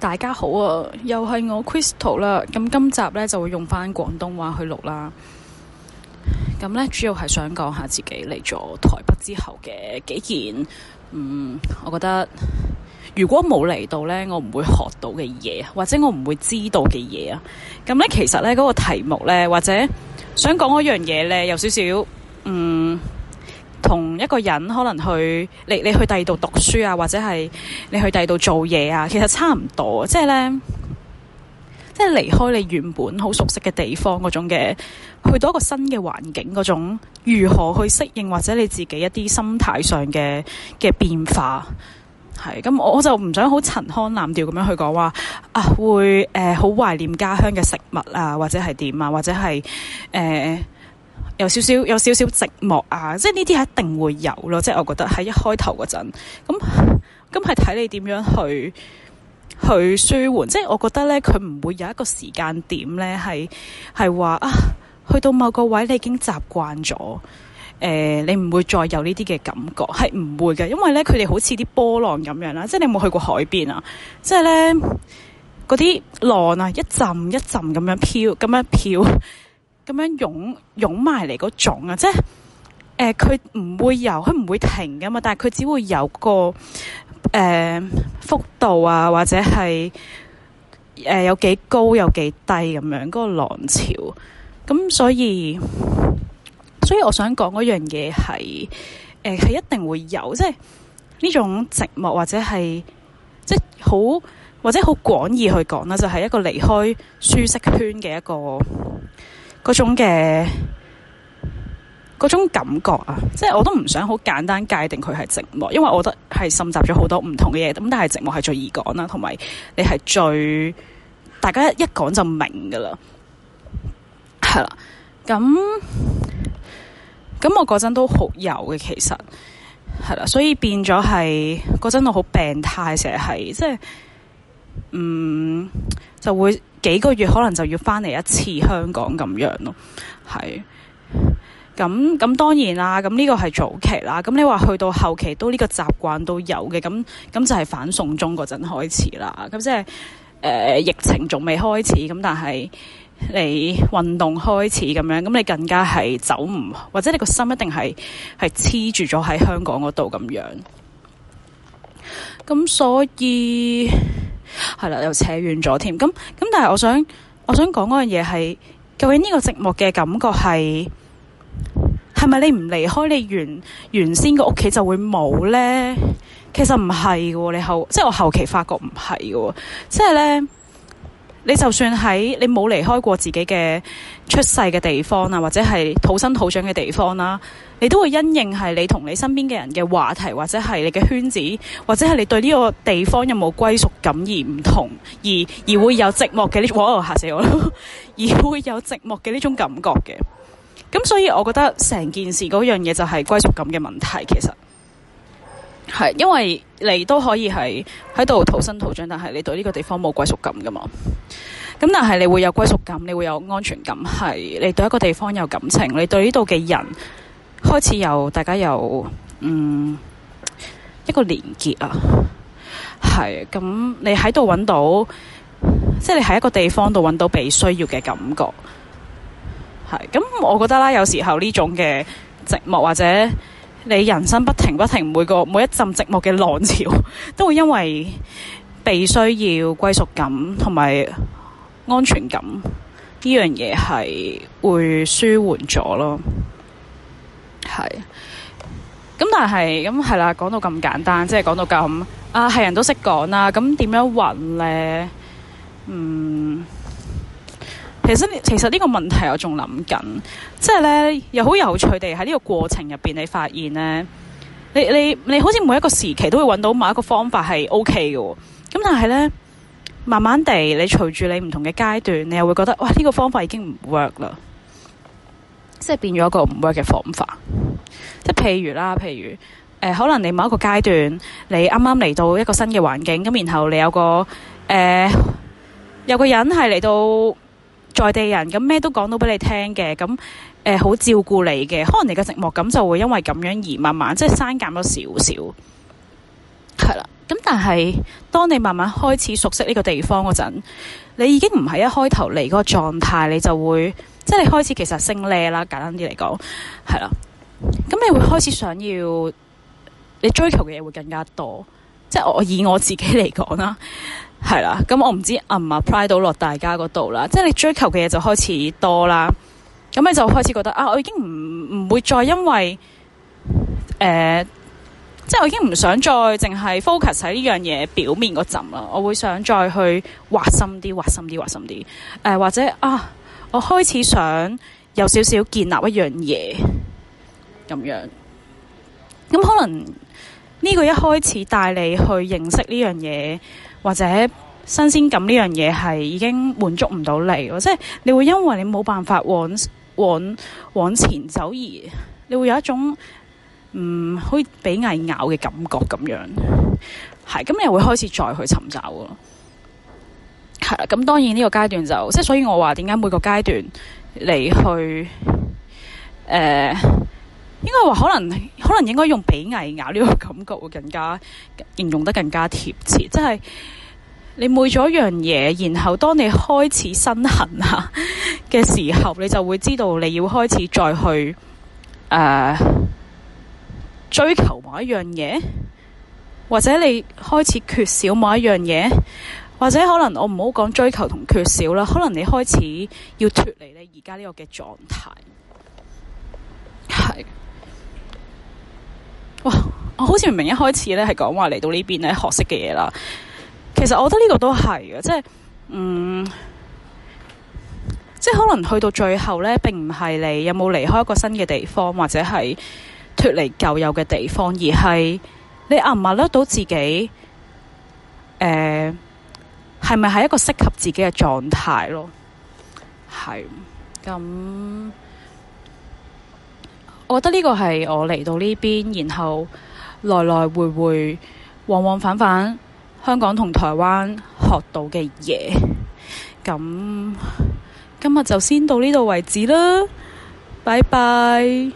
大家好啊，又係我 Crystal 啦。咁今集咧，就會用翻廣東話去錄啦。咁咧，主要係想講下自己嚟咗台北之後嘅幾件，嗯，我覺得如果冇嚟到咧，我唔會學到嘅嘢，或者我唔會知道嘅嘢啊。咁咧其實咧嗰個題目咧，或者想講嗰樣嘢咧，有少少嗯。同一個人可能去，你你去第二度讀書啊，或者係你去第二度做嘢啊，其實差唔多，即係咧，即係離開你原本好熟悉嘅地方嗰種嘅，去到一個新嘅環境嗰種，如何去適應或者你自己一啲心態上嘅嘅變化，係咁，我就唔想好陳腔濫調咁樣去講話啊，會誒好、呃、懷念家鄉嘅食物啊，或者係點啊，或者係誒。呃有少少有少少寂寞啊，即係呢啲一定會有咯，即係我覺得喺一開頭嗰陣，咁咁係睇你點樣去去舒緩。即係我覺得呢，佢唔會有一個時間點呢係係話啊，去到某個位你已經習慣咗，誒、呃，你唔會再有呢啲嘅感覺，係唔會嘅，因為呢，佢哋好似啲波浪咁樣啦，即係你有冇去過海邊啊？即係呢，嗰啲浪啊，一陣一陣咁樣飄，咁樣飄。咁樣湧湧埋嚟嗰種啊，即係誒，佢、呃、唔會有，佢唔會停噶嘛。但係佢只會有個誒、呃、幅度啊，或者係誒、呃、有幾高，有幾低咁樣嗰、那個浪潮。咁、嗯、所以，所以我想講嗰樣嘢係誒係一定會有，即係呢種寂寞或者係即係好或者好廣義去講啦，就係、是、一個離開舒適圈嘅一個。嗰種嘅嗰種感覺啊，即係我都唔想好簡單界定佢係寂寞，因為我覺得係滲集咗好多唔同嘅嘢，咁但係寂寞係最易講啦，同埋你係最大家一講就明噶啦，係啦，咁咁我嗰陣都好幼嘅，其實係啦，所以變咗係嗰陣我好病態，成日係即係嗯就會。幾個月可能就要返嚟一次香港咁樣咯，係。咁咁當然啦，咁呢個係早期啦。咁你話去到後期都呢個習慣都有嘅，咁咁就係反送中嗰陣開始啦。咁即係誒疫情仲未開始，咁但係你運動開始咁樣，咁你更加係走唔，或者你個心一定係係黐住咗喺香港嗰度咁樣。咁所以。係啦，又扯遠咗添。咁咁，但係我想我想講嗰樣嘢係究竟呢個寂寞嘅感覺係係咪你唔離開你原原先個屋企就會冇咧？其實唔係嘅，你後即係我後期發覺唔係嘅，即係咧。你就算喺你冇離開過自己嘅出世嘅地方啊，或者係土生土長嘅地方啦，你都會因應係你同你身邊嘅人嘅話題，或者係你嘅圈子，或者係你對呢個地方有冇歸屬感而唔同而而會有寂寞嘅呢種吓死我咯，而會有寂寞嘅呢 種感覺嘅。咁所以我覺得成件事嗰樣嘢就係歸屬感嘅問題，其實。係，因為你都可以係喺度土生土長，但係你對呢個地方冇歸屬感噶嘛。咁但係你會有歸屬感，你會有安全感，係你對一個地方有感情，你對呢度嘅人開始有大家有嗯，一個連結啊。係，咁你喺度搵到，即係你喺一個地方度搵到被需要嘅感覺。係，咁我覺得啦，有時候呢種嘅寂寞或者。你人生不停不停，每個每一陣寂寞嘅浪潮，都會因為被需要、歸屬感同埋安全感呢樣嘢係會舒緩咗咯。係，咁但係咁係啦，講到咁簡單，即係講到咁啊，係人都識講啦。咁點樣搵咧？嗯。其實其實呢個問題我仲諗緊，即係呢，又好有趣地喺呢個過程入邊，你發現呢，你你你好似每一個時期都會揾到某一個方法係 OK 嘅，哦，咁但係呢，慢慢地你隨住你唔同嘅階段，你又會覺得哇呢、這個方法已經唔 work 啦，即係變咗一個唔 work 嘅方法。即係譬如啦，譬如、呃、可能你某一個階段你啱啱嚟到一個新嘅環境，咁然後你有個誒、呃、有個人係嚟到。在地人咁咩都講到俾你聽嘅，咁誒好照顧你嘅，可能你嘅寂寞感就會因為咁樣而慢慢即係刪減咗少少，係啦。咁但係當你慢慢開始熟悉呢個地方嗰陣，你已經唔係一開頭嚟嗰個狀態，你就會即係你開始其實升 level 啦，簡單啲嚟講，係啦。咁你會開始想要你追求嘅嘢會更加多，即係我以我自己嚟講啦。係啦，咁、嗯、我唔知唔 apply 到落大家嗰度啦。即係你追求嘅嘢，就開始多啦，咁你就開始覺得啊，我已經唔唔會再因為誒、呃，即係我已經唔想再淨係 focus 喺呢樣嘢表面嗰陣啦。我會想再去挖深啲，挖深啲，挖深啲。誒、呃，或者啊，我開始想有少少建立一樣嘢咁樣。咁、嗯、可能呢個一開始帶你去認識呢樣嘢。或者新鮮感呢樣嘢係已經滿足唔到你咯，即係你會因為你冇辦法往往往前走而你會有一種好似俾蟻咬嘅感覺咁樣，係 咁你又會開始再去尋找咯。係咁，當然呢個階段就即係，所以我話點解每個階段你去誒。呃應該話可能，可能應該用被蟻咬呢個感覺會更加形容得更加貼切，即係你每咗一樣嘢，然後當你開始身痕啊嘅時候，你就會知道你要開始再去誒、呃、追求某一樣嘢，或者你開始缺少某一樣嘢，或者可能我唔好講追求同缺少啦，可能你開始要脱離你而家呢個嘅狀態，係。我好似唔明一開始咧係講話嚟到呢邊咧學識嘅嘢啦，其實我覺得呢個都係嘅，即係嗯，即係可能去到最後咧，並唔係你有冇離開一個新嘅地方，或者係脫離舊有嘅地方，而係你暗唔暗得到自己，誒、呃，係咪係一個適合自己嘅狀態咯？係咁。我覺得呢個係我嚟到呢邊，然後來來回回、往往返返香港同台灣學到嘅嘢。咁今日就先到呢度為止啦，拜拜。